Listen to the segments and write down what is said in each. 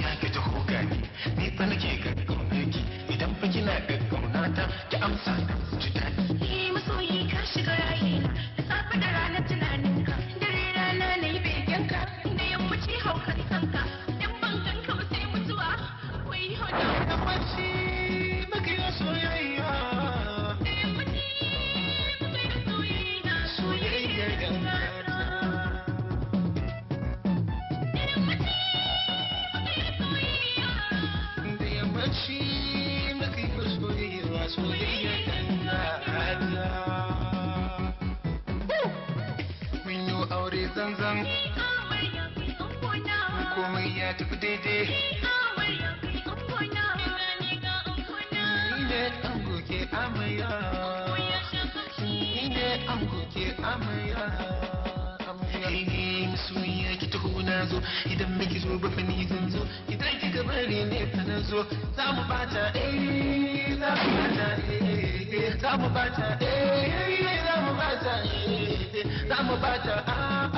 ya ki ta hoga ni ni fa nake gaggauna ki idan fa kina gaggauna ta ki amsa ki daɗi san komai ya tafi daidai ni ne an goke amaya ni ne amaya idan miki zo ba fani zan zo idan ki ga bari ne fa zo za mu bata eh za mu bata eh za mu bata eh za mu bata eh za mu bata ah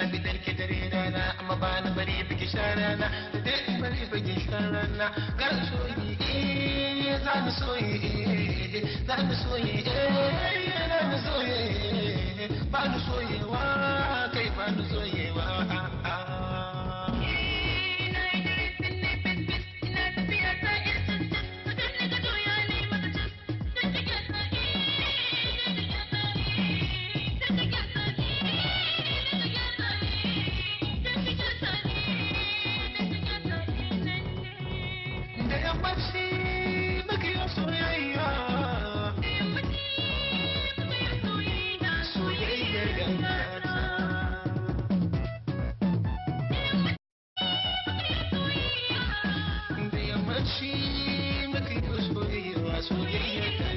rana dare rana amma ba na bari biki shan rana da dai in bari biki shan rana gar soyi eh za mu soyi eh za mu soyi eh sucesso.